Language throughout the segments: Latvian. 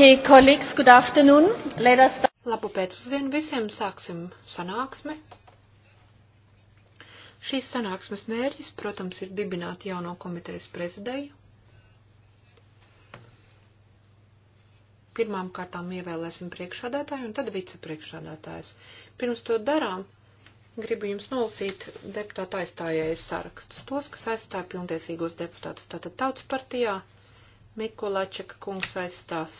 Okay, colleagues, good afternoon. Let us start. Labu pēcpusdienu visiem sāksim sanāksmi. Šīs sanāksmes mērķis, protams, ir dibināt jauno komitejas prezidēju. Pirmām kārtām ievēlēsim priekšādātāju un tad vicepriekšādātājs. Pirms to darām, gribu jums nolasīt deputāta aizstājēju sarakstus. Tos, kas aizstāja pilntiesīgos deputātus, tātad Tautas partijā Mikulačeka kungs aizstās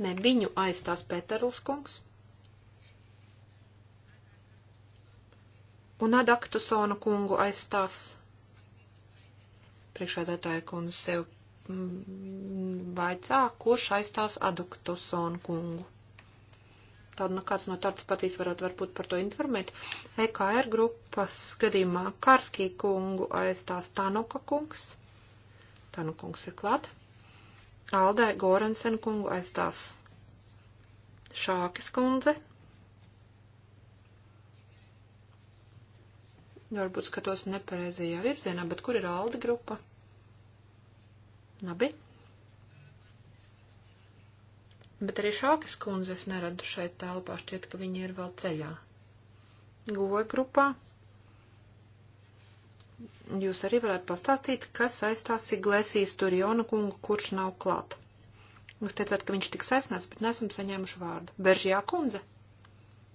Ne, viņu aizstās Pēterls kungs. Un Adaktusona kungu aizstās priekšādātāja kundze sev mm, vaicā, kurš aizstās Adaktusona kungu. Tāda nu kāds no tautas patīs varot varbūt par to informēt. EKR grupas gadījumā Karskī kungu aizstās Tanuka kungs. Tanuka kungs ir klāta. Aldē Gorensen kungu aizstās Šākes kundze. Varbūt skatos nepareizajā virzienā, bet kur ir Alde grupa? Labi. Bet arī šākas kundzes neradu šeit telpā, šķiet, ka viņi ir vēl ceļā. Goja grupā jūs arī varētu pastāstīt, kas saistās Iglesijas Turionu kungu, kurš nav klāt. Jūs teicāt, ka viņš tik saistīts, bet nesam saņēmuši vārdu. Beržjā kundze,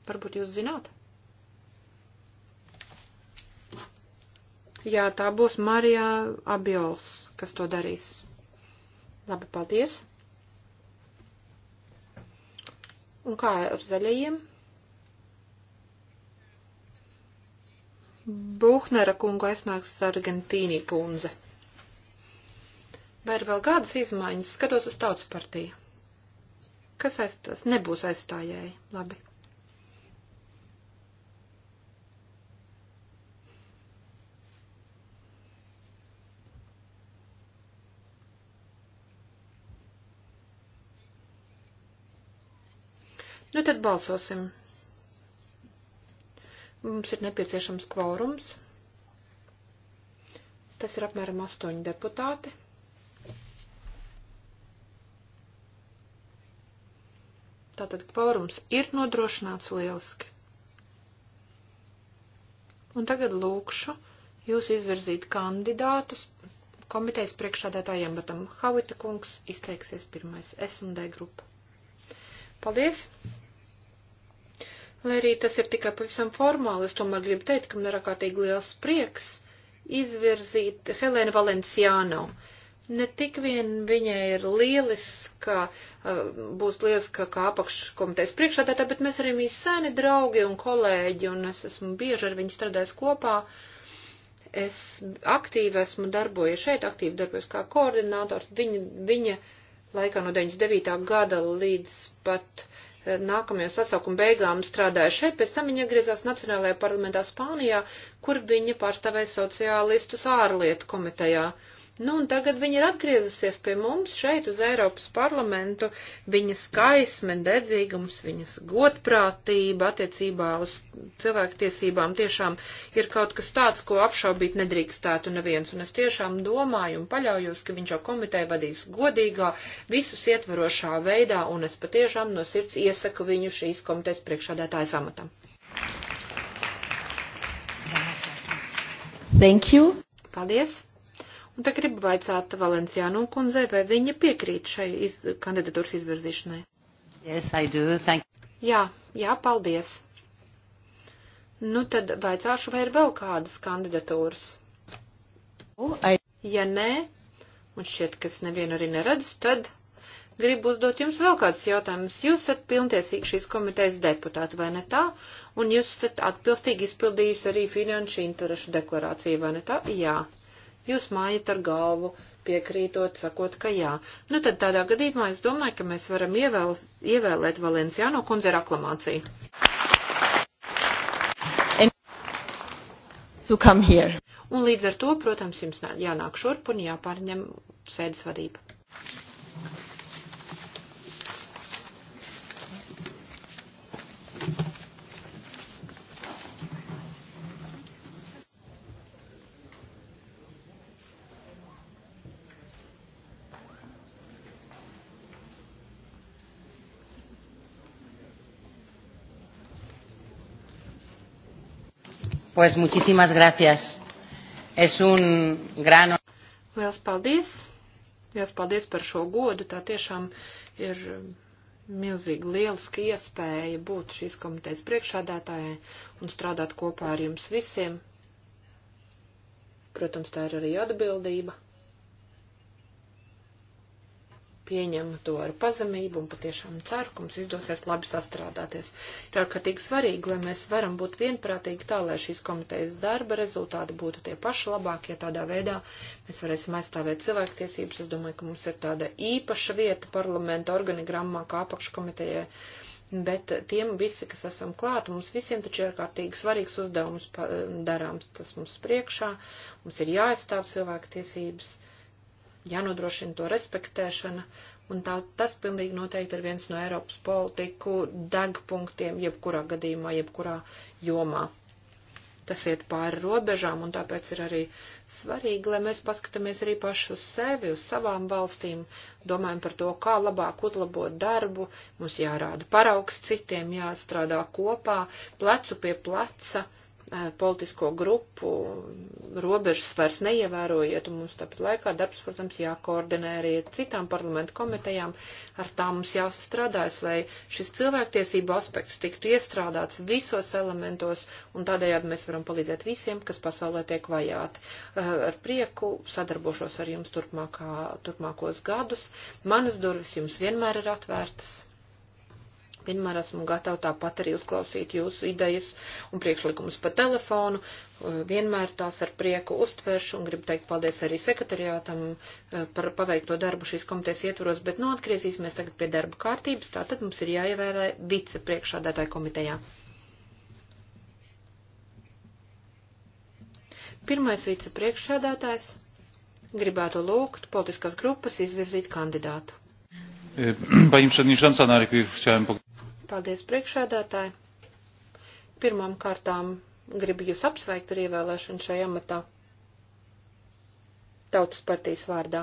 varbūt jūs zināt? Jā, tā būs Marija Abiols, kas to darīs. Labi, paldies. Un kā ar zaļajiem? Buhnera kungu aizsnāks Argentīnī kundze. Vai ir vēl kādas izmaiņas? Skatos uz tautas partiju. Kas aizstās? Nebūs aizstājēji. Labi. Nu tad balsosim. Mums ir nepieciešams kvorums. Tas ir apmēram astoņi deputāti. Tātad kvorums ir nodrošināts lieliski. Un tagad lūkšu jūs izvirzīt kandidātus komitejas priekšādētājiem, bet tam Havita kungs izteiksies pirmais S un D grupa. Paldies! Lai arī tas ir tikai pavisam formāli, es tomēr gribu teikt, ka man ir ārkārtīgi liels prieks izvirzīt Helēnu Valenciānu. Ne tik vien viņai ir lieliska, uh, būs lieliska kā apakškomitejas priekšādātā, bet mēs arī mīs sēni draugi un kolēģi, un es esmu bieži ar viņu strādājis kopā. Es aktīvi esmu darbojies šeit, aktīvi darbojos kā koordinātors. Viņa, viņa laikā no 99. gada līdz pat nākamajā sasaukuma beigām strādāja šeit, pēc tam viņa iegriezās Nacionālajā parlamentā Spānijā, kur viņa pārstāvēja sociālistus ārlietu komitejā. Uh, Nu, un tagad viņa ir atgriezusies pie mums šeit uz Eiropas parlamentu. Viņas skaisme, dedzīgums, viņas godprātība attiecībā uz cilvēktiesībām tiešām ir kaut kas tāds, ko apšaubīt nedrīkstētu neviens. Un es tiešām domāju un paļaujos, ka viņš jau komiteju vadīs godīgā, visus ietvarošā veidā, un es patiešām no sirds iesaku viņu šīs komitejas priekšādātājas amatam. Thank you. Paldies. Un te gribu vaicāt Valenciānu kundzei, vai viņa piekrīt šai iz kandidatūras izvirzīšanai. Yes, I do. Thank you. Jā, jā, paldies. Nu tad vaicāšu, vai ir vēl kādas kandidatūras. Oh, I... Ja nē, un šķiet, ka es nevienu arī neredzu, tad gribu uzdot jums vēl kādus jautājumus. Jūs esat pilntiesīgi šīs komitejas deputāti, vai ne tā? Un jūs esat atbilstīgi izpildījis arī finanšu interešu deklarāciju, vai ne tā? Jā. Jūs mājat ar galvu, piekrītot, sakot, ka jā. Nu tad tādā gadījumā es domāju, ka mēs varam ievēl, ievēlēt Valenciāno kundzi ar aklamāciju. Un līdz ar to, protams, jums jānāk šurp un jāpārņem sēdes vadība. Pues muchísimas gracias. Es un gran. Liels paldies! Liels paldies par šo godu. Tā tiešām ir um, milzīgi lieliski iespēja būt šīs komitejas priekšādātājai un strādāt kopā ar jums visiem. Protams, tā ir arī atbildība pieņemu to ar pazemību un patiešām ceru, ka mums izdosies labi sastrādāties. Ir ārkārtīgi svarīgi, lai mēs varam būt vienprātīgi tā, lai šīs komitejas darba rezultāti būtu tie paši labākie. Tādā veidā mēs varēsim aizstāvēt cilvēktiesības. Es domāju, ka mums ir tāda īpaša vieta parlamenta organigrammā kā apakškomitejai. Bet tiem visi, kas esam klāt, mums visiem taču ir ārkārtīgi svarīgs uzdevums darāms, tas mums priekšā, mums ir jāaizstāv cilvēku tiesības. Uh, jānodrošina to respektēšana, un tā, tas pilnīgi noteikti ir viens no Eiropas politiku degpunktiem, jebkurā gadījumā, jebkurā jomā tas iet pāri robežām, un tāpēc ir arī svarīgi, lai mēs paskatāmies arī paši uz sevi, uz savām valstīm, domājam par to, kā labāk uzlabot darbu, mums jārāda paraugs citiem, jāstrādā kopā, plecu pie pleca, politisko grupu robežas vairs neievērojiet, un mums tāpat laikā darbs, protams, jākoordinē arī citām parlamentu komitejām, ar tā mums jāsastrādājas, lai šis cilvēktiesību aspekts tiktu iestrādāts visos elementos, un tādējādi mēs varam palīdzēt visiem, kas pasaulē tiek vajāti. Ar prieku sadarbošos ar jums turpmākā, turpmākos gadus. Manas durvis jums vienmēr ir atvērtas vienmēr esmu gatava tāpat arī uzklausīt jūsu idejas un priekšlikumus pa telefonu. Eh, vienmēr tās ar prieku uztvēršu un gribu teikt paldies arī sekretariātam eh, par paveikto darbu šīs komitejas ietvaros, bet nu atgriezīsimies tagad pie darba kārtības, tātad mums ir jāievērē vice priekšādātāja komitejā. Pirmais vice priekšādātājs gribētu lūgt politiskās grupas izvirzīt kandidātu. Pani Przewodnicząca, najpierw chciałem Paldies priekšēdētāji. Pirmām kārtām gribu jūs apsveikt ar ievēlēšanu šajā amatā. Tautas partijas vārdā.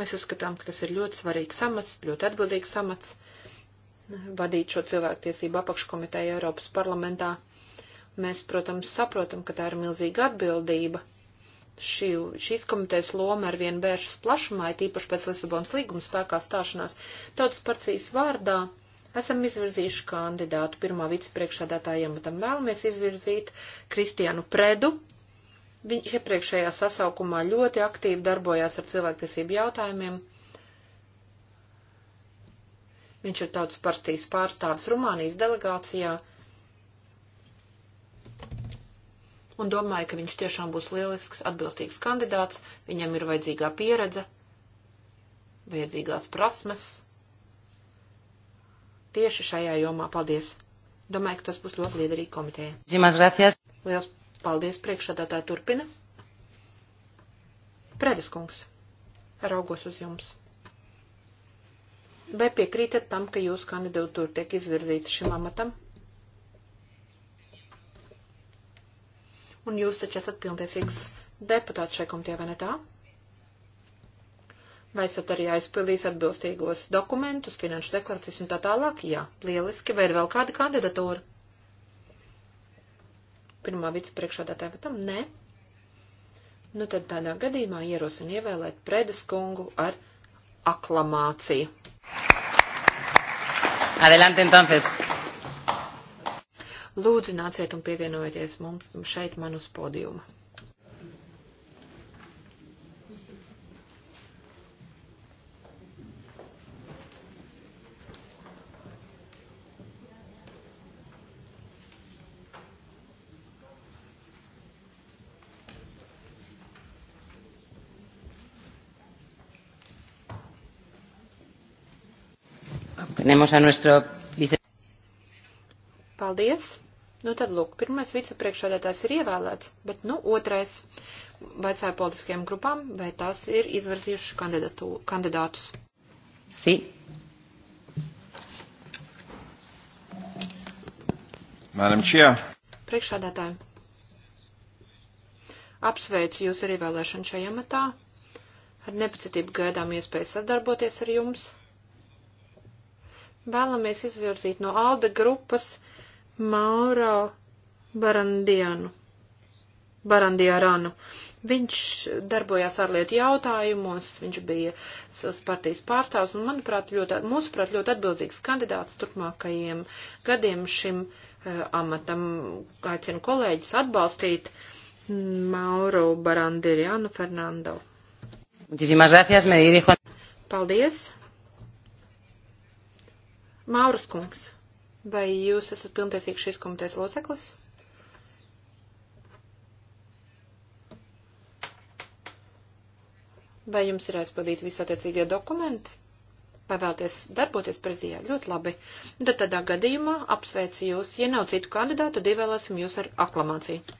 Mēs uzskatām, ka tas ir ļoti svarīgs samats, ļoti atbildīgs samats vadīt šo cilvēktiesību apakškomiteju Eiropas parlamentā. Mēs, protams, saprotam, ka tā ir milzīga atbildība šī, šīs komitejas loma ar vien vēršas plašumā, it īpaši pēc Lisabonas līguma spēkā stāšanās, tautas partijas vārdā esam izvirzījuši kandidātu pirmā vicepriekšādātāja amatam. Vēlamies izvirzīt Kristianu Predu. Viņš iepriekšējā sasaukumā ļoti aktīvi darbojās ar cilvēktiesību jautājumiem. Viņš ir tautas partijas pārstāvis Rumānijas delegācijā un domāju, ka viņš tiešām būs lielisks, atbilstīgs kandidāts, viņam ir vajadzīgā pieredze, vajadzīgās prasmes. Tieši šajā jomā paldies. Domāju, ka tas būs ļoti liederīgi komitejai. Zīmās grāfijas. Liels paldies priekšādātāji turpina. Predes kungs, raugos uz jums. Vai piekrītat tam, ka jūsu kandidatūra tiek izvirzīta šim amatam? un jūs taču esat pilntiesīgs deputāts šai komitē, vai ne tā? Vai esat arī aizpildījis atbilstīgos dokumentus, finanšu deklarācijas un tā tālāk? Jā, lieliski. Vai ir vēl kāda kandidatūra? Pirmā vicepriekšādātāja patam? Nē. Nu tad tādā gadījumā ierosinu ievēlēt Predes kungu ar aklamāciju. Adelante entonces. Lūdzu, nāciet un pievienojieties mums šeit man uz podiuma. tenemos a nuestro Paldies! Nu tad, lūk, pirmais vicepriekšādātājs ir ievēlēts, bet, nu, otrais vecāja politiskajām grupām, vai tās ir izvirzījuši kandidātus. Sí. Madam Chair. Priekšādātāji. Apsveicu jūs ar ievēlēšanu šajā matā. Ar nepacitību gaidām iespēju sadarboties ar jums. Vēlamies izvirzīt no ALDE grupas Mauro Barandianu. Barandiaranu. Viņš darbojās ārlietu jautājumos, viņš bija savas partijas pārstāvs un, manuprāt, ļoti, mūsuprāt, ļoti atbildīgs kandidāts turpmākajiem gadiem šim uh, amatam. Aicinu kolēģis atbalstīt Mauro Barandirianu Fernando. Gracias, Paldies! Mauras kungs. Vai jūs esat pilntiesīgs šīs komitejas loceklis? Vai jums ir aizpildīti visi attiecīgie dokumenti? Vai vēlaties darboties prezijā? Ļoti labi. Nu, tad tādā gadījumā apsveicu jūs. Ja nav citu kandidātu, divēlēsim jūs ar aklamāciju.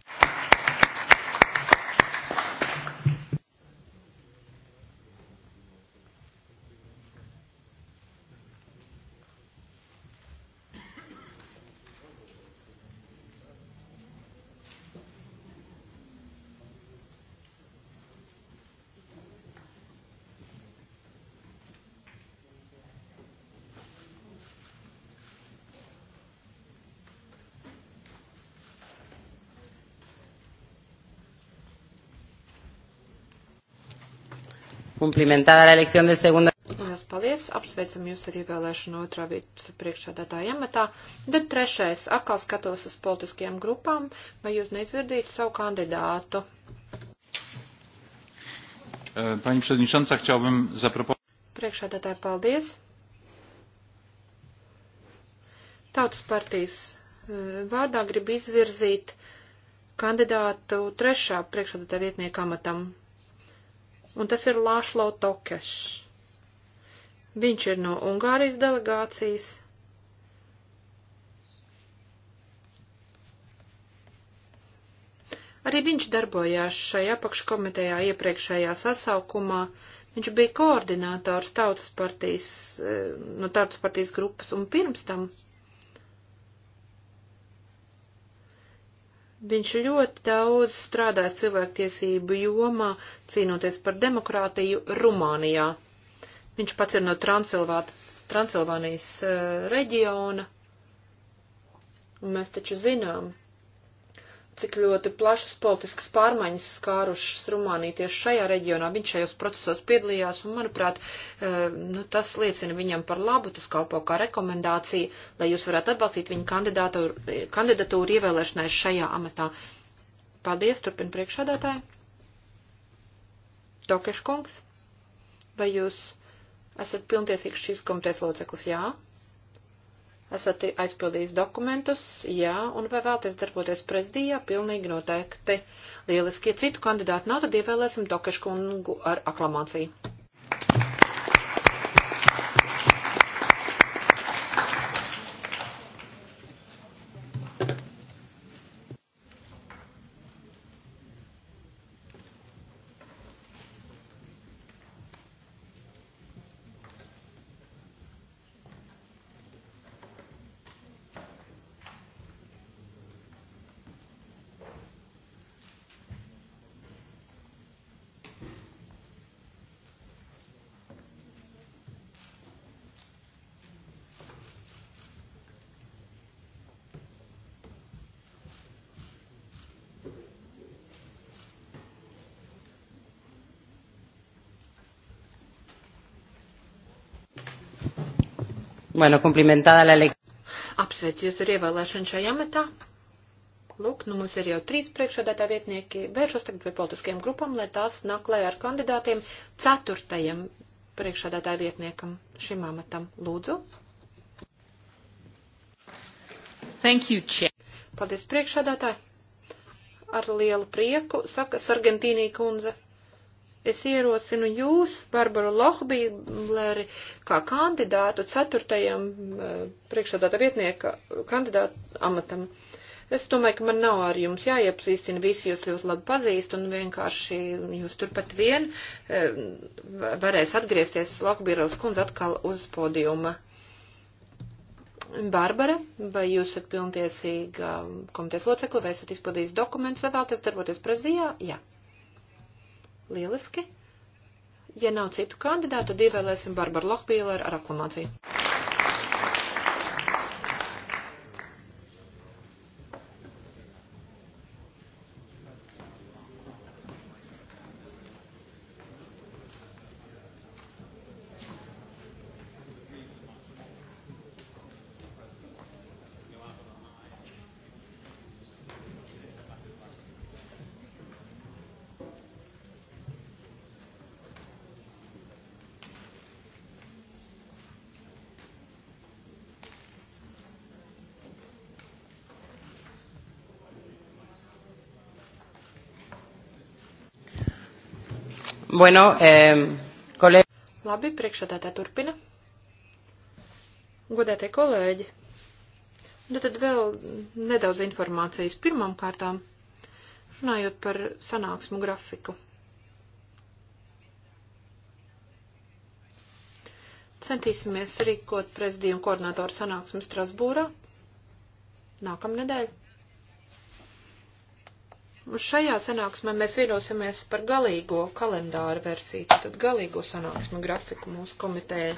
cumplimentada la elección del segundo. Lielas paldies, apsveicam jūs ar ievēlēšanu otrā vietas priekšādātāja amatā. Tad trešais, atkal skatos uz politiskajām grupām, vai jūs neizvirdītu savu kandidātu. E, pani Przewodnicząca, chciałbym zaproponować. Priekšādātāja, paldies. Tautas partijas e, vārdā grib izvirzīt kandidātu trešā priekšādātāja vietnieka amatam un tas ir Lāšlo Tokešs. Viņš ir no Ungārijas delegācijas. Arī viņš darbojās šajā apakškomitejā iepriekšējā sasaukumā. Viņš bija koordinātors tautas partijas, eh, no tautas partijas grupas, un pirms tam Viņš ļoti daudz strādāja cilvēktiesību jomā, cīnoties par demokrātiju Rumānijā. Viņš pats ir no Transilvānijas eh, reģiona, un mēs taču zinām, cik ļoti plašas politiskas pārmaiņas skārušas Rumāniju tieši šajā reģionā. Viņš šajos procesos piedalījās, un, manuprāt, eh, nu, tas liecina viņam par labu, tas kalpo kā rekomendācija, lai jūs varētu atbalstīt viņa kandidatūru, kandidatūru ievēlēšanai šajā amatā. Paldies, turpin priekšādātāji. Tokeškungs, vai jūs esat pilntiesīgs šīs komitejas loceklis? Jā esat aizpildījis dokumentus, jā, un vai vēlaties darboties prezidijā, pilnīgi noteikti. Lieliski, ja citu kandidātu nav, tad ievēlēsim Tokešu kungu ar aklamāciju. Bueno, cumplimentada la lei. Apsveicu jūs ar ievēlēšanu šajā amatā. Lūk, nu mums ir jau trīs priekšādātā vietnieki. Vēršos tagad pie politiskajām grupām, lai tās nāk klajā ar kandidātiem ceturtajam priekšādātā vietniekam šim amatam. Lūdzu. Thank you, Chair. Paldies priekšādātāji. Ar lielu prieku, saka Sargentīnī kundze. Es ierosinu jūs, Barbaru Lohbīleri, kā kandidātu ceturtajam eh, priekšādāta vietnieka kandidātu amatam. Es domāju, ka man nav ar jums jāiepazīstina, visi jūs ļoti labi pazīst, un vienkārši jūs turpat vien eh, varēs atgriezties Lohbīreles kundze atkal uz podiuma. Barbara, vai jūs esat pilntiesīga um, komitejas locekla, vai esat izpildījis dokumentus, vai vēlaties darboties prezidijā? Jā. Ja. Lieliski. Ja nav citu kandidātu, tad ievēlēsim Barbaru Lohbīleru ar aklamāciju. Bueno, eh, kolēģi. Labi, priekšsādātā turpina. Godētie kolēģi. Nu tad vēl nedaudz informācijas pirmām kārtām, runājot par sanāksmu grafiku. Centīsimies rīkot prezidiju un koordinātoru sanāksmu Strasbūrā nākamnedēļ šajā sanāksmē mēs vienosimies par galīgo kalendāru versiju, tad galīgo sanāksmu grafiku mūsu komitēja.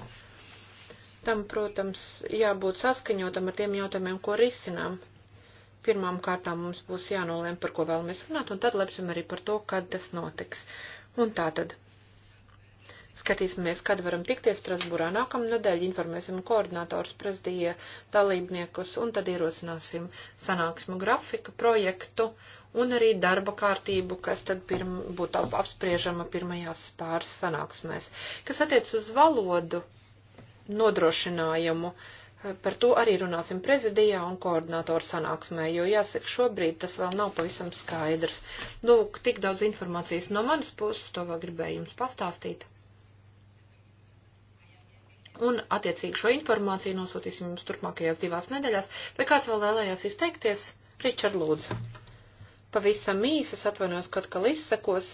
Tam, protams, jābūt saskaņotam ar tiem jautājumiem, ko risinām. Pirmām kārtām mums būs jānolēm, par ko vēlamies runāt, un tad lepsim arī par to, kad tas notiks. Un tā tad Skatīsimies, kad varam tikties Strasburā. Nākamnedēļ informēsim koordinātors prezidija dalībniekus un tad ierosināsim sanāksmu grafika projektu un arī darba kārtību, kas tad pirm, būtu apspriežama pirmajās pāris sanāksmēs. Kas attiec uz valodu nodrošinājumu, par to arī runāsim prezidijā un koordinātoru sanāksmē, jo jāsaka, šobrīd tas vēl nav pavisam skaidrs. Lūk, tik daudz informācijas no manas puses, to vēl gribēju jums pastāstīt. Un, attiecīgi, šo informāciju nosūtīsim jums turpmākajās divās nedēļās. Vai kāds vēl vēlējās izteikties? Ričard, lūdzu. Pavisam īsas atvainojos, kad kal izsekos,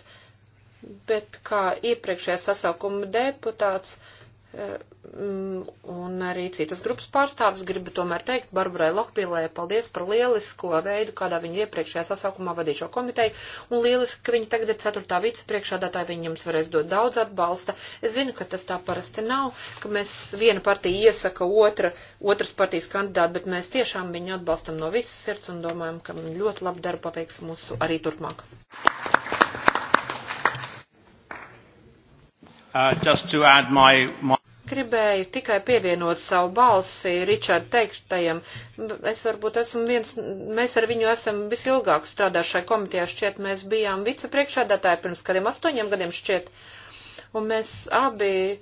bet kā iepriekšējā sasaukuma deputāts. Uh, Mm, un arī citas grupas pārstāvis gribu tomēr teikt Barbarai Lohpīlē paldies par lielisko veidu, kādā viņa iepriekšējā sasaukumā vadīja šo komiteju, un lieliski, ka viņa tagad ir ceturtā vicepriekšādātāja, viņa jums varēs dot daudz atbalsta. Es zinu, ka tas tā parasti nav, ka mēs viena partija iesaka otra, otras partijas kandidātu, bet mēs tiešām viņu atbalstam no visas sirds un domājam, ka ļoti labu darbu paveiks mūsu arī turpmāk. Uh, just to add my, my gribēju tikai pievienot savu balsi Ričard teiktajam. Es varbūt esmu viens, mēs ar viņu esam visilgāk strādājušai komitejā, šķiet, mēs bijām vicepriekšādātāji pirms kādiem astoņiem gadiem šķiet. Un mēs abi eh,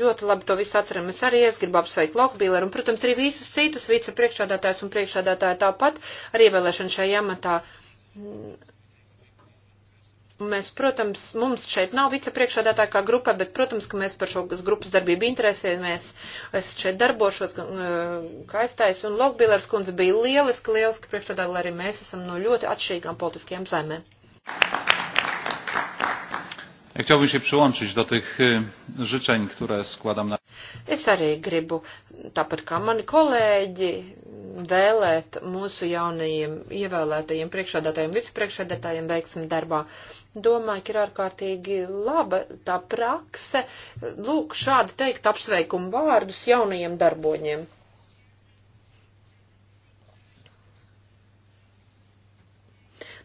ļoti labi to visu atceramies. Arī es gribu apsveikt Lokbīleru un, protams, arī visus citus vicepriekšādātājus un priekšādātāju tāpat arī vēlēšanu šajā amatā Mēs, protams, mums šeit nav vicepriekšādātā kā grupa, bet, protams, ka mēs par šo grupas darbību interesējamies. Es šeit darbošos, uh, kā aizstājas, un Lokbīlers kundze bija lieliski, lieliski priekšādātāji, lai arī mēs esam no ļoti atšķirīgām politiskajām zemēm. Thank you. Ja chciałbym się przyłączyć do tych życzeń, które składam na. Es arī gribu, tāpat kā mani kolēģi, vēlēt mūsu jaunajiem ievēlētajiem priekšādātājiem, vicepriekšādātājiem veiksmi darbā. Domāju, ka ir ārkārtīgi laba tā prakse, lūk, šādi teikt apsveikumu vārdus jaunajiem darboņiem.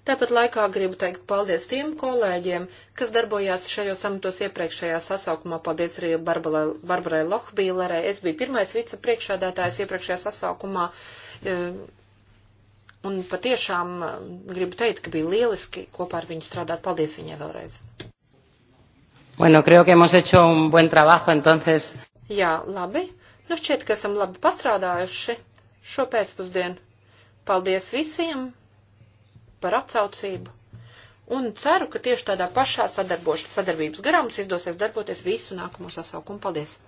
Tāpat laikā gribu teikt paldies tiem kolēģiem, kas darbojās šajos amatos iepriekšējā sasaukumā. Paldies arī Barbarai Lohbīlerē. Es biju pirmais vicepriekšādātājs iepriekšējā sasaukumā. E, un patiešām e, gribu teikt, ka bija lieliski kopā ar viņu strādāt. Paldies viņai vēlreiz. Bueno, creo que hemos hecho un buen trabajo, entonces. Jā, labi. Nu šķiet, ka esam labi pastrādājuši šo pēcpusdienu. Paldies visiem! par atsaucību. Un ceru, ka tieši tādā pašā sadarbības garā mums izdosies darboties visu nākamo sasaukumu. Paldies!